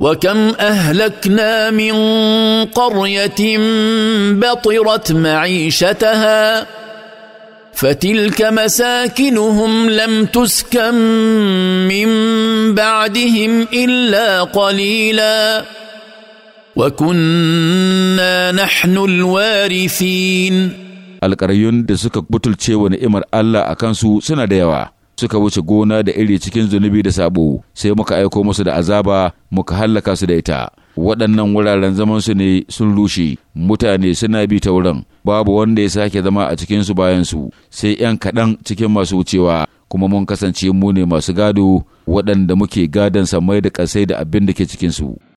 وكم اهلكنا من قريه بطرت معيشتها فتلك مساكنهم لم تسكن من بعدهم الا قليلا وكنا نحن الوارثين القريون da suka butulce wa ni'imar Allah a kansu suna suka wuce gona da iri cikin zunubi da sabo sai muka aiko musu da azaba muka hallaka su da ita waɗannan wuraren zaman su ne sun rushe mutane suna bi ta wurin babu wanda ya sake zama a cikinsu bayansu sai 'yan kaɗan cikin masu wucewa kuma mun kasance mu ne masu gado waɗanda muke gadon samai da ƙasai da abin da ke su